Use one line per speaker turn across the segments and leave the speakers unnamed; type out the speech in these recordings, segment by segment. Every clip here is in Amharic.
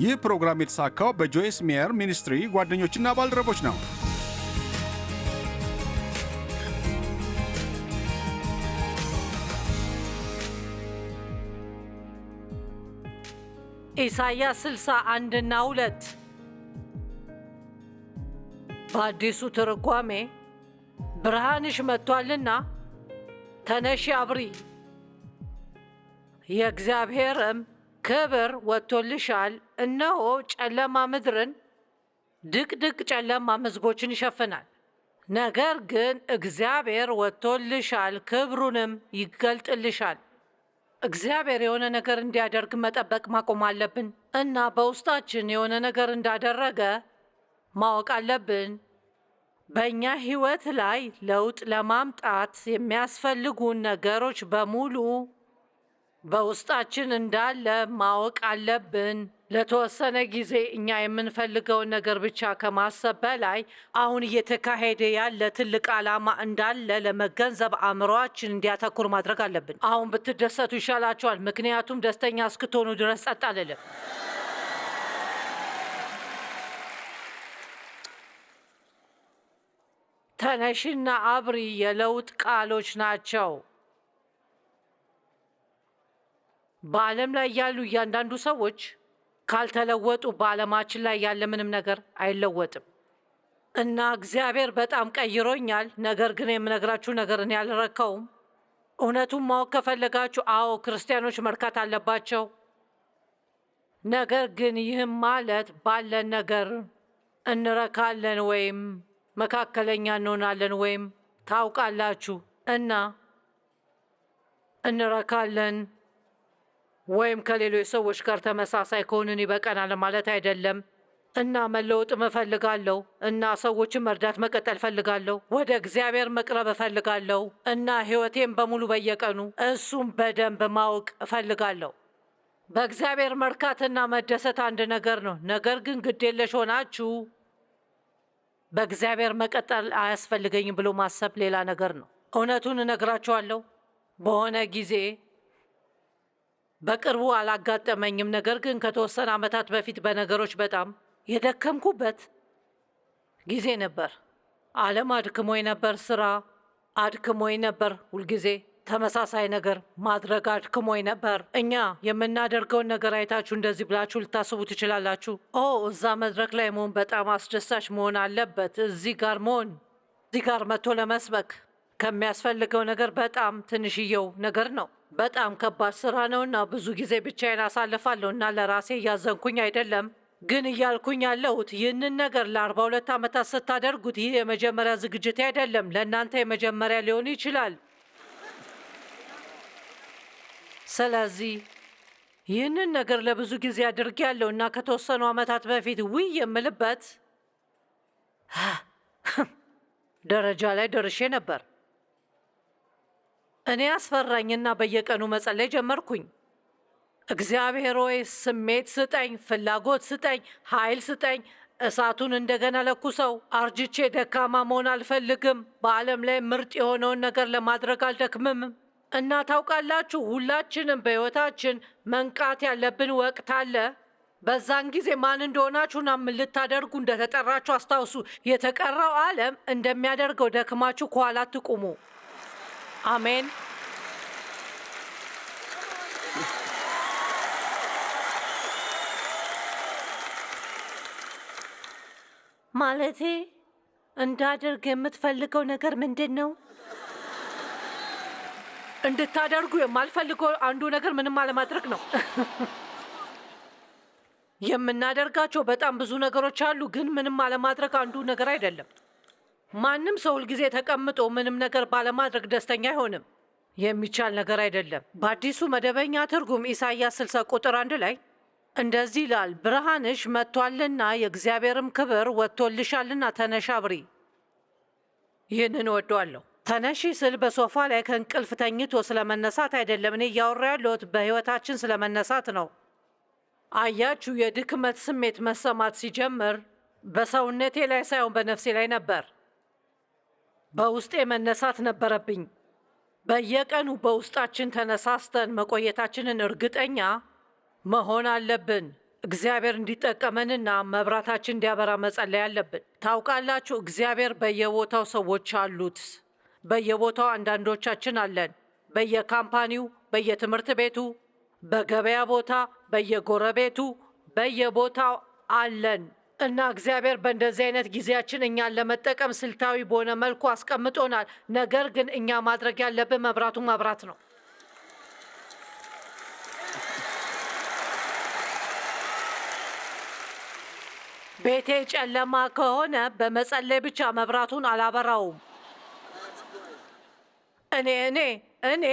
ይህ ፕሮግራም የተሳካው በጆይስ ሜየር ሚኒስትሪ ጓደኞችና ባልደረቦች ነው።
ኢሳይያስ 61 እና 2 በአዲሱ ትርጓሜ ብርሃንሽ መጥቷልና ተነሺ አብሪ፣ የእግዚአብሔርም ክብር ወጥቶልሻል። እነሆ ጨለማ ምድርን፣ ድቅድቅ ጨለማ ሕዝቦችን ይሸፍናል። ነገር ግን እግዚአብሔር ወጥቶልሻል፣ ክብሩንም ይገልጥልሻል። እግዚአብሔር የሆነ ነገር እንዲያደርግ መጠበቅ ማቆም አለብን እና በውስጣችን የሆነ ነገር እንዳደረገ ማወቅ አለብን። በእኛ ህይወት ላይ ለውጥ ለማምጣት የሚያስፈልጉን ነገሮች በሙሉ በውስጣችን እንዳለ ማወቅ አለብን። ለተወሰነ ጊዜ እኛ የምንፈልገውን ነገር ብቻ ከማሰብ በላይ አሁን እየተካሄደ ያለ ትልቅ ዓላማ እንዳለ ለመገንዘብ አእምሯችን እንዲያተኩር ማድረግ አለብን። አሁን ብትደሰቱ ይሻላቸዋል፣ ምክንያቱም ደስተኛ እስክትሆኑ ድረስ ጸጥ አልልም። ተነሽና አብሪ የለውጥ ቃሎች ናቸው። በዓለም ላይ ያሉ እያንዳንዱ ሰዎች ካልተለወጡ በዓለማችን ላይ ያለ ምንም ነገር አይለወጥም እና እግዚአብሔር በጣም ቀይሮኛል። ነገር ግን የምነግራችሁ ነገርን ያልረካውም። እውነቱን ማወቅ ከፈለጋችሁ አዎ ክርስቲያኖች መርካት አለባቸው። ነገር ግን ይህም ማለት ባለን ነገር እንረካለን ወይም መካከለኛ እንሆናለን ወይም ታውቃላችሁ እና እንረካለን ወይም ከሌሎች ሰዎች ጋር ተመሳሳይ ከሆንን ይበቀናል ማለት አይደለም። እና መለወጥ እፈልጋለሁ እና ሰዎችን መርዳት መቀጠል እፈልጋለሁ። ወደ እግዚአብሔር መቅረብ እፈልጋለሁ እና ሕይወቴን በሙሉ በየቀኑ እሱም በደንብ ማወቅ እፈልጋለሁ። በእግዚአብሔር መርካትና መደሰት አንድ ነገር ነው። ነገር ግን ግዴለሽ ሆናችሁ በእግዚአብሔር መቀጠል አያስፈልገኝም ብሎ ማሰብ ሌላ ነገር ነው። እውነቱን እነግራችኋለሁ በሆነ ጊዜ በቅርቡ አላጋጠመኝም። ነገር ግን ከተወሰነ ዓመታት በፊት በነገሮች በጣም የደከምኩበት ጊዜ ነበር። ዓለም አድክሞኝ ነበር። ስራ አድክሞኝ ነበር። ሁልጊዜ ተመሳሳይ ነገር ማድረግ አድክሞኝ ነበር። እኛ የምናደርገውን ነገር አይታችሁ እንደዚህ ብላችሁ ልታስቡ ትችላላችሁ። ኦ እዛ መድረክ ላይ መሆን በጣም አስደሳች መሆን አለበት። እዚህ ጋር መሆን እዚህ ጋር መጥቶ ለመስበክ ከሚያስፈልገው ነገር በጣም ትንሽየው ነገር ነው። በጣም ከባድ ስራ ነውና ብዙ ጊዜ ብቻዬን አሳልፋለሁ እና ለራሴ እያዘንኩኝ አይደለም ግን እያልኩኝ ያለሁት ይህንን ነገር ለአርባ ሁለት ዓመታት ስታደርጉት ይህ የመጀመሪያ ዝግጅት አይደለም። ለእናንተ የመጀመሪያ ሊሆን ይችላል። ስለዚህ ይህንን ነገር ለብዙ ጊዜ ያለው እና ከተወሰኑ ዓመታት በፊት ውይ የምልበት ደረጃ ላይ ደርሼ ነበር። እኔ አስፈራኝና በየቀኑ መጸለይ ጀመርኩኝ። እግዚአብሔር ሆይ ስሜት ስጠኝ፣ ፍላጎት ስጠኝ፣ ኃይል ስጠኝ። እሳቱን እንደገና ለኩሰው። አርጅቼ ደካማ መሆን አልፈልግም። በዓለም ላይ ምርጥ የሆነውን ነገር ለማድረግ አልደክምም። እና ታውቃላችሁ፣ ሁላችንም በሕይወታችን መንቃት ያለብን ወቅት አለ። በዛን ጊዜ ማን እንደሆናችሁና ምን ልታደርጉ እንደተጠራችሁ አስታውሱ። የተቀረው ዓለም እንደሚያደርገው ደክማችሁ ከኋላ አትቁሙ። Amén. ማለቴ እንዳደርግ የምትፈልገው ነገር ምንድን ነው? እንድታደርጉ የማልፈልገው አንዱ ነገር ምንም አለማድረግ ነው። የምናደርጋቸው በጣም ብዙ ነገሮች አሉ፣ ግን ምንም አለማድረግ አንዱ ነገር አይደለም። ማንም ሰው ሁልጊዜ ተቀምጦ ምንም ነገር ባለማድረግ ደስተኛ አይሆንም። የሚቻል ነገር አይደለም። በአዲሱ መደበኛ ትርጉም ኢሳይያስ 60 ቁጥር አንድ ላይ እንደዚህ ይላል፣ ብርሃንሽ መጥቷልና የእግዚአብሔርም ክብር ወጥቶልሻልና ተነሻ አብሪ። ይህንን እወደዋለሁ። ተነሺ ስል በሶፋ ላይ ከእንቅልፍ ተኝቶ ስለመነሳት አይደለም። እኔ እያወራ ያለሁት በህይወታችን ስለመነሳት ነው። አያችሁ፣ የድክመት ስሜት መሰማት ሲጀምር በሰውነቴ ላይ ሳይሆን በነፍሴ ላይ ነበር። በውስጤ መነሳት ነበረብኝ። በየቀኑ በውስጣችን ተነሳስተን መቆየታችንን እርግጠኛ መሆን አለብን። እግዚአብሔር እንዲጠቀመንና መብራታችን እንዲያበራ መጸለይ አለብን። ታውቃላችሁ፣ እግዚአብሔር በየቦታው ሰዎች አሉት። በየቦታው አንዳንዶቻችን አለን። በየካምፓኒው፣ በየትምህርት ቤቱ፣ በገበያ ቦታ፣ በየጎረቤቱ፣ በየቦታው አለን። እና እግዚአብሔር በእንደዚህ አይነት ጊዜያችን እኛን ለመጠቀም ስልታዊ በሆነ መልኩ አስቀምጦናል። ነገር ግን እኛ ማድረግ ያለብን መብራቱ ማብራት ነው። ቤቴ ጨለማ ከሆነ በመጸለይ ብቻ መብራቱን አላበራውም። እኔ እኔ እኔ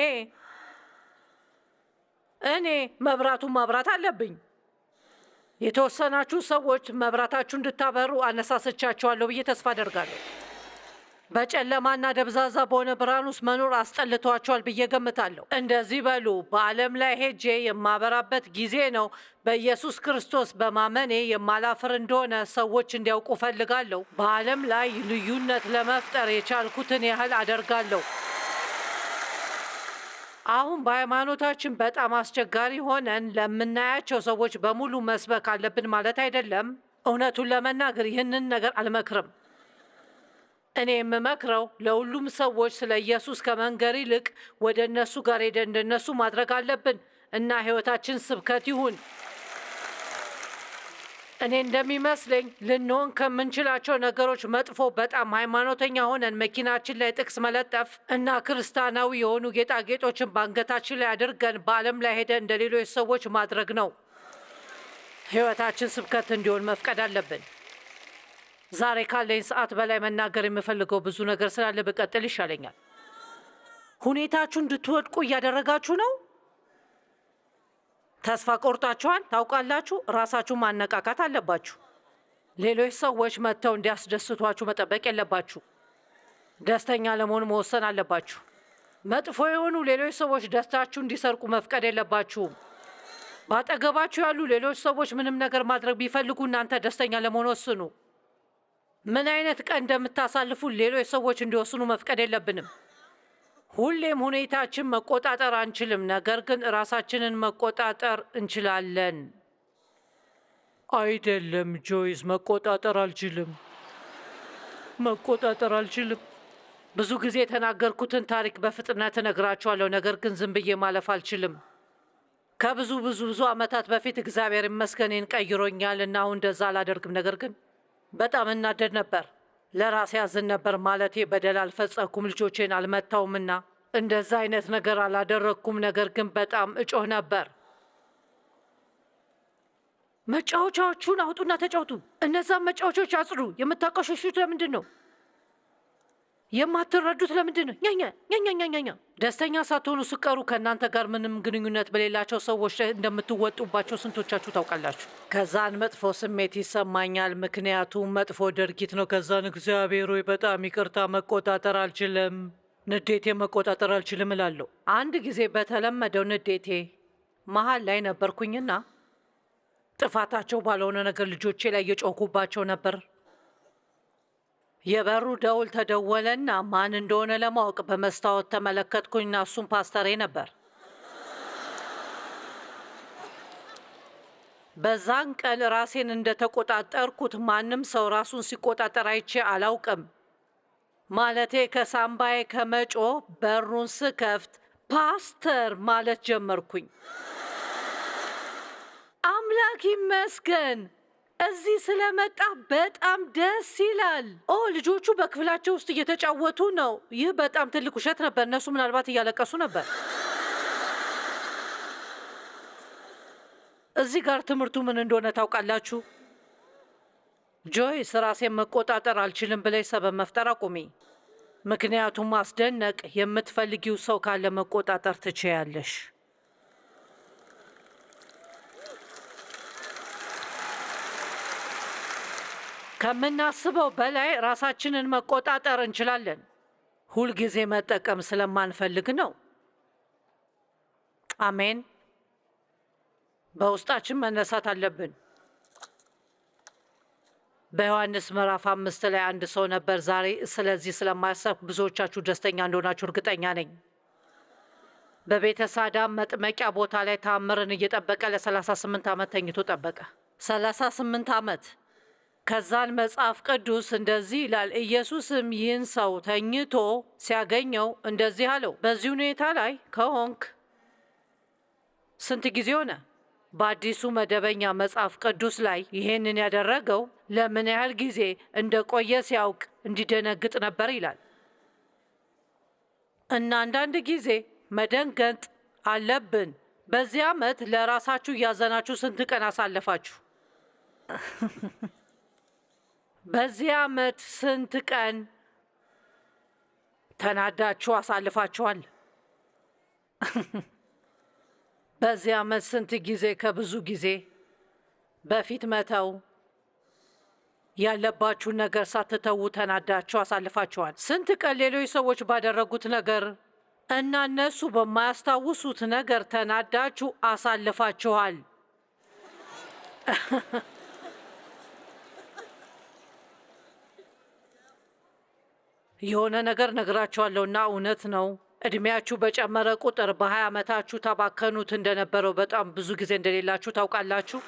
እኔ መብራቱን ማብራት አለብኝ። የተወሰናችሁ ሰዎች መብራታችሁ እንድታበሩ አነሳሰቻቸዋለሁ ብዬ ተስፋ አደርጋለሁ። በጨለማና ደብዛዛ በሆነ ብርሃን ውስጥ መኖር አስጠልተዋቸዋል ብዬ ገምታለሁ። እንደዚህ በሉ፣ በዓለም ላይ ሄጄ የማበራበት ጊዜ ነው። በኢየሱስ ክርስቶስ በማመኔ የማላፍር እንደሆነ ሰዎች እንዲያውቁ ፈልጋለሁ በዓለም ላይ ልዩነት ለመፍጠር የቻልኩትን ያህል አደርጋለሁ። አሁን በሃይማኖታችን በጣም አስቸጋሪ ሆነን ለምናያቸው ሰዎች በሙሉ መስበክ አለብን ማለት አይደለም። እውነቱን ለመናገር ይህንን ነገር አልመክርም። እኔ የምመክረው ለሁሉም ሰዎች ስለ ኢየሱስ ከመንገር ይልቅ ወደ እነሱ ጋር ሄደን እንደነሱ ማድረግ አለብን እና ሕይወታችን ስብከት ይሁን። እኔ እንደሚመስለኝ ልንሆን ከምንችላቸው ነገሮች መጥፎ በጣም ሃይማኖተኛ ሆነን መኪናችን ላይ ጥቅስ መለጠፍ እና ክርስቲያናዊ የሆኑ ጌጣጌጦችን በአንገታችን ላይ አድርገን በዓለም ላይ ሄደ እንደ ሌሎች ሰዎች ማድረግ ነው። ህይወታችን ስብከት እንዲሆን መፍቀድ አለብን። ዛሬ ካለኝ ሰዓት በላይ መናገር የምፈልገው ብዙ ነገር ስላለ ብቀጥል ይሻለኛል። ሁኔታችሁ እንድትወድቁ እያደረጋችሁ ነው። ተስፋ ቆርጣችኋል ታውቃላችሁ። ራሳችሁ ማነቃቃት አለባችሁ። ሌሎች ሰዎች መጥተው እንዲያስደስቷችሁ መጠበቅ የለባችሁ። ደስተኛ ለመሆን መወሰን አለባችሁ። መጥፎ የሆኑ ሌሎች ሰዎች ደስታችሁ እንዲሰርቁ መፍቀድ የለባችሁም። ባጠገባችሁ ያሉ ሌሎች ሰዎች ምንም ነገር ማድረግ ቢፈልጉ እናንተ ደስተኛ ለመሆን ወስኑ። ምን አይነት ቀን እንደምታሳልፉ ሌሎች ሰዎች እንዲወስኑ መፍቀድ የለብንም። ሁሌም ሁኔታችን መቆጣጠር አንችልም፣ ነገር ግን ራሳችንን መቆጣጠር እንችላለን። አይደለም ጆይስ፣ መቆጣጠር አልችልም፣ መቆጣጠር አልችልም። ብዙ ጊዜ የተናገርኩትን ታሪክ በፍጥነት እነግራችኋለሁ፣ ነገር ግን ዝም ብዬ ማለፍ አልችልም። ከብዙ ብዙ ብዙ ዓመታት በፊት እግዚአብሔር ይመስገን ቀይሮኛል እና አሁን እንደዛ አላደርግም፣ ነገር ግን በጣም እናደድ ነበር። ለራሴ ያዝን ነበር ማለቴ በደል አልፈጸኩም፣ ልጆቼን አልመታውምና እንደዛ አይነት ነገር አላደረግኩም። ነገር ግን በጣም እጮህ ነበር። መጫወቻዎቹን አውጡና ተጫውቱ። እነዛ መጫወቻዎች አጽዱ። የምታቀሸሹት ለምንድን ነው? የማትረዱት ለምንድን ነው? ኛኛ ደስተኛ ሳትሆኑ ስቀሩ ከእናንተ ጋር ምንም ግንኙነት በሌላቸው ሰዎች እንደምትወጡባቸው ስንቶቻችሁ ታውቃላችሁ? ከዛን መጥፎ ስሜት ይሰማኛል፣ ምክንያቱም መጥፎ ድርጊት ነው። ከዛን እግዚአብሔር ሆይ በጣም ይቅርታ መቆጣጠር አልችልም፣ ንዴቴ መቆጣጠር አልችልም እላለሁ። አንድ ጊዜ በተለመደው ንዴቴ መሀል ላይ ነበርኩኝና ጥፋታቸው ባልሆነ ነገር ልጆቼ ላይ እየጮኩባቸው ነበር። የበሩ ደውል ተደወለና ማን እንደሆነ ለማወቅ በመስታወት ተመለከትኩኝና እሱም ፓስተሬ ነበር። በዛን ቀን ራሴን እንደተቆጣጠርኩት ማንም ሰው ራሱን ሲቆጣጠር አይቼ አላውቅም። ማለቴ ከሳምባዬ ከመጮ በሩን ስከፍት ፓስተር ማለት ጀመርኩኝ። አምላክ ይመስገን። እዚህ ስለመጣ በጣም ደስ ይላል። ኦ ልጆቹ በክፍላቸው ውስጥ እየተጫወቱ ነው። ይህ በጣም ትልቅ ውሸት ነበር። እነሱ ምናልባት እያለቀሱ ነበር። እዚህ ጋር ትምህርቱ ምን እንደሆነ ታውቃላችሁ። ጆይስ ራሴን መቆጣጠር አልችልም ብለሽ ሰበብ መፍጠር አቁሚ። ምክንያቱም ማስደነቅ የምትፈልጊው ሰው ካለ መቆጣጠር ትችያለሽ። ከምናስበው በላይ ራሳችንን መቆጣጠር እንችላለን። ሁልጊዜ መጠቀም ስለማንፈልግ ነው። አሜን። በውስጣችን መነሳት አለብን። በዮሐንስ ምዕራፍ አምስት ላይ አንድ ሰው ነበር። ዛሬ ስለዚህ ስለማያሰብኩ ብዙዎቻችሁ ደስተኛ እንደሆናችሁ እርግጠኛ ነኝ። በቤተሳዳ መጥመቂያ ቦታ ላይ ታምርን እየጠበቀ ለ38 ዓመት ተኝቶ ጠበቀ። 38 ዓመት ከዛን መጽሐፍ ቅዱስ እንደዚህ ይላል። ኢየሱስም ይህን ሰው ተኝቶ ሲያገኘው እንደዚህ አለው፣ በዚህ ሁኔታ ላይ ከሆንክ ስንት ጊዜ ሆነ? በአዲሱ መደበኛ መጽሐፍ ቅዱስ ላይ ይህንን ያደረገው ለምን ያህል ጊዜ እንደቆየ ሲያውቅ እንዲደነግጥ ነበር ይላል። እና አንዳንድ ጊዜ መደንገጥ አለብን። በዚህ ዓመት ለራሳችሁ እያዘናችሁ ስንት ቀን አሳለፋችሁ? በዚህ ዓመት ስንት ቀን ተናዳችሁ አሳልፋችኋል? በዚህ ዓመት ስንት ጊዜ ከብዙ ጊዜ በፊት መተው ያለባችሁን ነገር ሳትተዉ ተናዳችሁ አሳልፋችኋል? ስንት ቀን ሌሎች ሰዎች ባደረጉት ነገር እና እነሱ በማያስታውሱት ነገር ተናዳችሁ አሳልፋችኋል? የሆነ ነገር ነግራቸዋለሁና እውነት ነው። እድሜያችሁ በጨመረ ቁጥር በሀያ ዓመታችሁ ታባከኑት እንደነበረው በጣም ብዙ ጊዜ እንደሌላችሁ ታውቃላችሁ።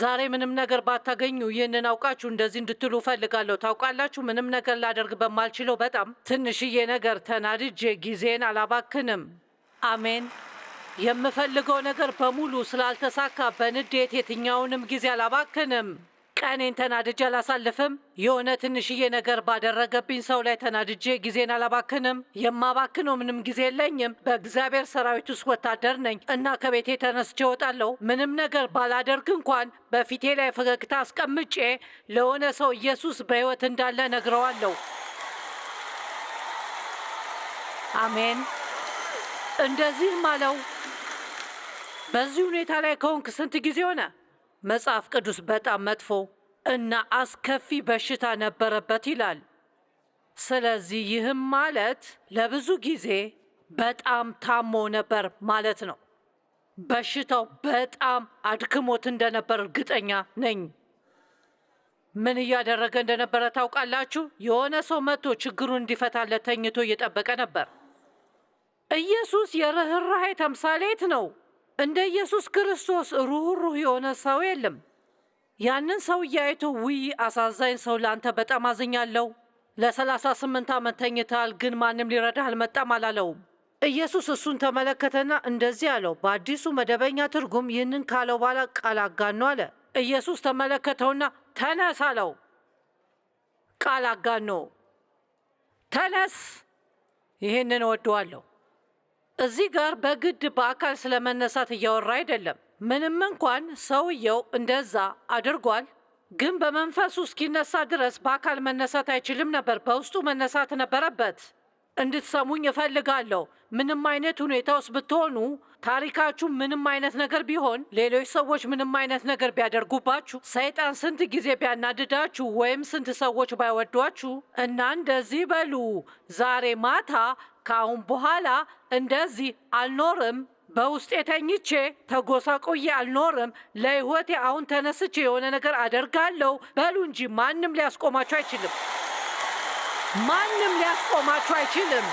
ዛሬ ምንም ነገር ባታገኙ ይህንን አውቃችሁ እንደዚህ እንድትሉ እፈልጋለሁ። ታውቃላችሁ፣ ምንም ነገር ላደርግ በማልችለው በጣም ትንሽዬ ነገር ተናድጄ ጊዜን አላባክንም። አሜን። የምፈልገው ነገር በሙሉ ስላልተሳካ በንዴት የትኛውንም ጊዜ አላባክንም። ቀኔን ተናድጄ አላሳልፍም። የሆነ ትንሽዬ ነገር ባደረገብኝ ሰው ላይ ተናድጄ ጊዜን አላባክንም። የማባክነው ምንም ጊዜ የለኝም። በእግዚአብሔር ሰራዊት ውስጥ ወታደር ነኝ እና ከቤቴ ተነስቼ እወጣለሁ። ምንም ነገር ባላደርግ እንኳን በፊቴ ላይ ፈገግታ አስቀምጬ ለሆነ ሰው ኢየሱስ በሕይወት እንዳለ ነግረዋለሁ። አሜን። እንደዚህም አለው። በዚህ ሁኔታ ላይ ከሆንክ ስንት ጊዜ ሆነ? መጽሐፍ ቅዱስ በጣም መጥፎ እና አስከፊ በሽታ ነበረበት ይላል። ስለዚህ ይህም ማለት ለብዙ ጊዜ በጣም ታሞ ነበር ማለት ነው። በሽታው በጣም አድክሞት እንደነበር እርግጠኛ ነኝ። ምን እያደረገ እንደነበረ ታውቃላችሁ? የሆነ ሰው መጥቶ ችግሩን እንዲፈታለት ተኝቶ እየጠበቀ ነበር። ኢየሱስ የርኅራኄ ተምሳሌት ነው። እንደ ኢየሱስ ክርስቶስ ሩህሩህ የሆነ ሰው የለም። ያንን ሰውዬ አይቶ ውይ አሳዛኝ ሰው፣ ለአንተ በጣም አዝኛለሁ። ለሰላሳ ስምንት ዓመት ተኝተሃል፣ ግን ማንም ሊረዳህ አልመጣም አላለውም። ኢየሱስ እሱን ተመለከተና እንደዚህ አለው። በአዲሱ መደበኛ ትርጉም ይህንን ካለው በኋላ ቃል አጋኖ አለ። ኢየሱስ ተመለከተውና ተነስ አለው። ቃል አጋኖ ተነስ፣ ይህንን እወደዋለሁ። እዚህ ጋር በግድ በአካል ስለመነሳት እያወራ አይደለም። ምንም እንኳን ሰውየው እንደዛ አድርጓል፣ ግን በመንፈሱ እስኪነሳ ድረስ በአካል መነሳት አይችልም ነበር። በውስጡ መነሳት ነበረበት። እንድትሰሙኝ እፈልጋለሁ። ምንም አይነት ሁኔታ ውስጥ ብትሆኑ፣ ታሪካችሁ ምንም አይነት ነገር ቢሆን፣ ሌሎች ሰዎች ምንም አይነት ነገር ቢያደርጉባችሁ፣ ሰይጣን ስንት ጊዜ ቢያናድዳችሁ፣ ወይም ስንት ሰዎች ባይወዷችሁ እና እንደዚህ በሉ ዛሬ ማታ ከአሁን በኋላ እንደዚህ አልኖርም። በውስጤ ተኝቼ ተጎሳቆዬ አልኖርም። ለሕይወቴ አሁን ተነስቼ የሆነ ነገር አደርጋለሁ። በሉ እንጂ ማንም ሊያስቆማችሁ አይችልም። ማንም ሊያስቆማችሁ አይችልም።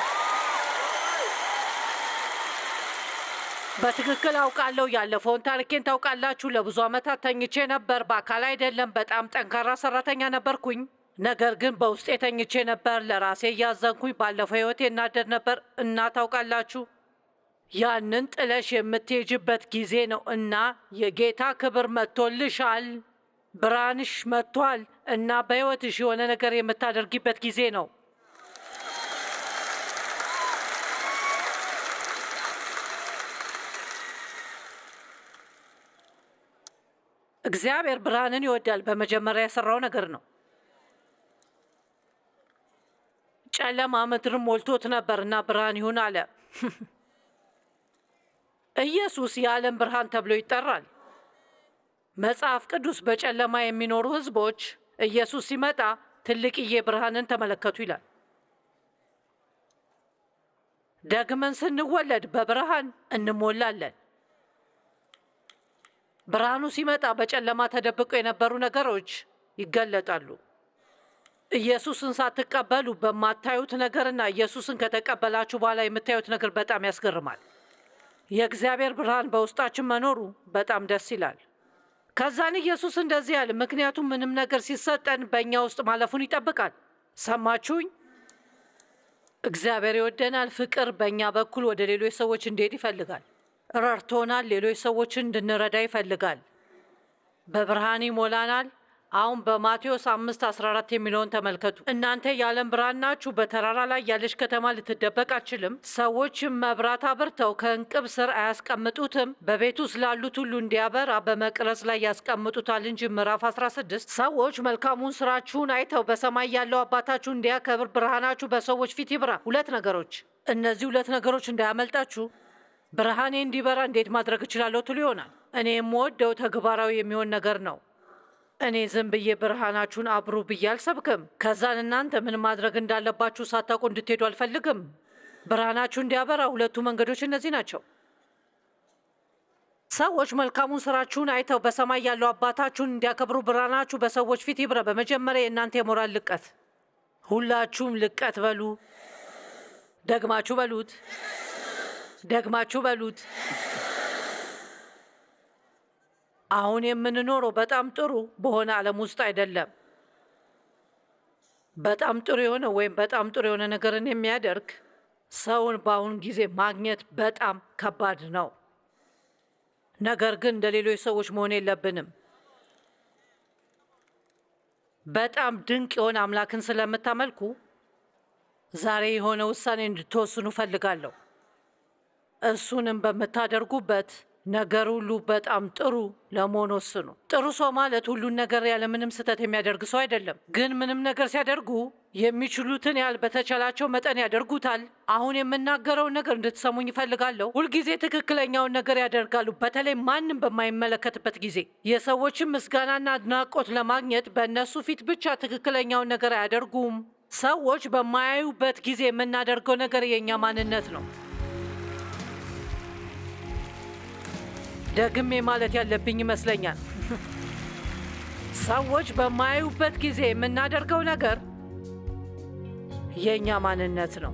በትክክል አውቃለሁ። ያለፈውን ታሪኬን ታውቃላችሁ። ለብዙ ዓመታት ተኝቼ ነበር። በአካል አይደለም። በጣም ጠንካራ ሰራተኛ ነበርኩኝ። ነገር ግን በውስጤ ተኝቼ ነበር። ለራሴ እያዘንኩኝ ባለፈው ህይወቴ እናደድ ነበር እና ታውቃላችሁ፣ ያንን ጥለሽ የምትሄጅበት ጊዜ ነው እና የጌታ ክብር መጥቶልሻል፣ ብርሃንሽ መጥቷል እና በህይወትሽ የሆነ ነገር የምታደርጊበት ጊዜ ነው። እግዚአብሔር ብርሃንን ይወዳል። በመጀመሪያ የሰራው ነገር ነው። ጨለማ ምድር ሞልቶት ነበርና ብርሃን ይሁን አለ። ኢየሱስ የዓለም ብርሃን ተብሎ ይጠራል። መጽሐፍ ቅዱስ በጨለማ የሚኖሩ ሕዝቦች ኢየሱስ ሲመጣ ትልቅዬ ብርሃንን ተመለከቱ ይላል። ደግመን ስንወለድ በብርሃን እንሞላለን። ብርሃኑ ሲመጣ በጨለማ ተደብቀው የነበሩ ነገሮች ይገለጣሉ። ኢየሱስን ሳትቀበሉ በማታዩት ነገርና ኢየሱስን ከተቀበላችሁ በኋላ የምታዩት ነገር በጣም ያስገርማል። የእግዚአብሔር ብርሃን በውስጣችን መኖሩ በጣም ደስ ይላል። ከዛን ኢየሱስ እንደዚህ ያለ፣ ምክንያቱም ምንም ነገር ሲሰጠን በእኛ ውስጥ ማለፉን ይጠብቃል። ሰማችሁኝ? እግዚአብሔር ይወደናል። ፍቅር በእኛ በኩል ወደ ሌሎች ሰዎች እንዲሄድ ይፈልጋል። ረድቶናል። ሌሎች ሰዎችን እንድንረዳ ይፈልጋል። በብርሃን ይሞላናል። አሁን በማቴዎስ 14 የሚለውን ተመልከቱ። እናንተ የዓለም ብርሃን ናችሁ። በተራራ ላይ ያለች ከተማ ልትደበቅ አትችልም። ሰዎችም መብራት አብርተው ከእንቅብ ስር አያስቀምጡትም፣ በቤት ውስጥ ላሉት ሁሉ እንዲያበራ በመቅረጽ ላይ ያስቀምጡታል እንጂ። ምዕራፍ 16 ሰዎች መልካሙን ስራችሁን አይተው በሰማይ ያለው አባታችሁ እንዲያከብር ብርሃናችሁ በሰዎች ፊት ይብራ። ሁለት ነገሮች፣ እነዚህ ሁለት ነገሮች እንዳያመልጣችሁ። ብርሃኔ እንዲበራ እንዴት ማድረግ እችላለሁ ትሉ ይሆናል። እኔ የምወደው ተግባራዊ የሚሆን ነገር ነው። እኔ ዝም ብዬ ብርሃናችሁን አብሩ ብዬ አልሰብክም። ከዛን እናንተ ምን ማድረግ እንዳለባችሁ ሳታውቁ እንድትሄዱ አልፈልግም። ብርሃናችሁ እንዲያበራ ሁለቱ መንገዶች እነዚህ ናቸው። ሰዎች መልካሙን ስራችሁን አይተው በሰማይ ያለው አባታችሁን እንዲያከብሩ ብርሃናችሁ በሰዎች ፊት ይብረ በመጀመሪያ የእናንተ የሞራል ልቀት፣ ሁላችሁም ልቀት በሉ። ደግማችሁ በሉት፣ ደግማችሁ በሉት። አሁን የምንኖረው በጣም ጥሩ በሆነ ዓለም ውስጥ አይደለም። በጣም ጥሩ የሆነ ወይም በጣም ጥሩ የሆነ ነገርን የሚያደርግ ሰውን በአሁን ጊዜ ማግኘት በጣም ከባድ ነው። ነገር ግን እንደ ሌሎች ሰዎች መሆን የለብንም። በጣም ድንቅ የሆነ አምላክን ስለምታመልኩ ዛሬ የሆነ ውሳኔ እንድትወስኑ እፈልጋለሁ። እሱንም በምታደርጉበት ነገር ሁሉ በጣም ጥሩ ለመሆን ወስኑ። ጥሩ ሰው ማለት ሁሉን ነገር ያለምንም ስህተት የሚያደርግ ሰው አይደለም። ግን ምንም ነገር ሲያደርጉ የሚችሉትን ያህል በተቻላቸው መጠን ያደርጉታል። አሁን የምናገረውን ነገር እንድትሰሙኝ ይፈልጋለሁ። ሁልጊዜ ትክክለኛውን ነገር ያደርጋሉ፣ በተለይ ማንም በማይመለከትበት ጊዜ። የሰዎችን ምስጋናና አድናቆት ለማግኘት በእነሱ ፊት ብቻ ትክክለኛውን ነገር አያደርጉም። ሰዎች በማያዩበት ጊዜ የምናደርገው ነገር የእኛ ማንነት ነው። ደግሜ ማለት ያለብኝ ይመስለኛል። ሰዎች በማያዩበት ጊዜ የምናደርገው ነገር የእኛ ማንነት ነው።